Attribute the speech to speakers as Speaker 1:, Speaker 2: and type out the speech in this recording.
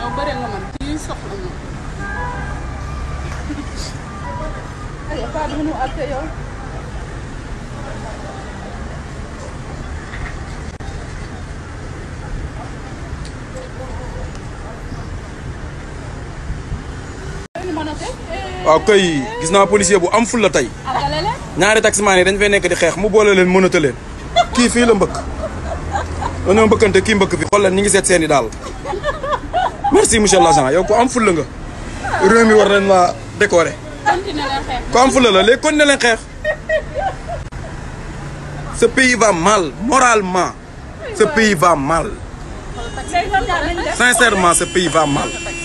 Speaker 1: yow bëri nga man kii soxla moom. aywa Fane mënu àtte yow.
Speaker 2: waaw kay
Speaker 3: gis naa policier bu am ful la tey ñaari taximaan yi dañ fay nekk di xeex mu boole leen mënata leen kii fii la mbëkk dañoo mbëkkante ki mbëkk fi xoolal ñi ngi seet seeni i daal merci monsieur l'agent yow ku am fulla nga réew mi war nañ la décorer ku am fulla la léegi continuer leen xeex ce pays va mal moralement ce pays va mal sincèrement ce pays va mal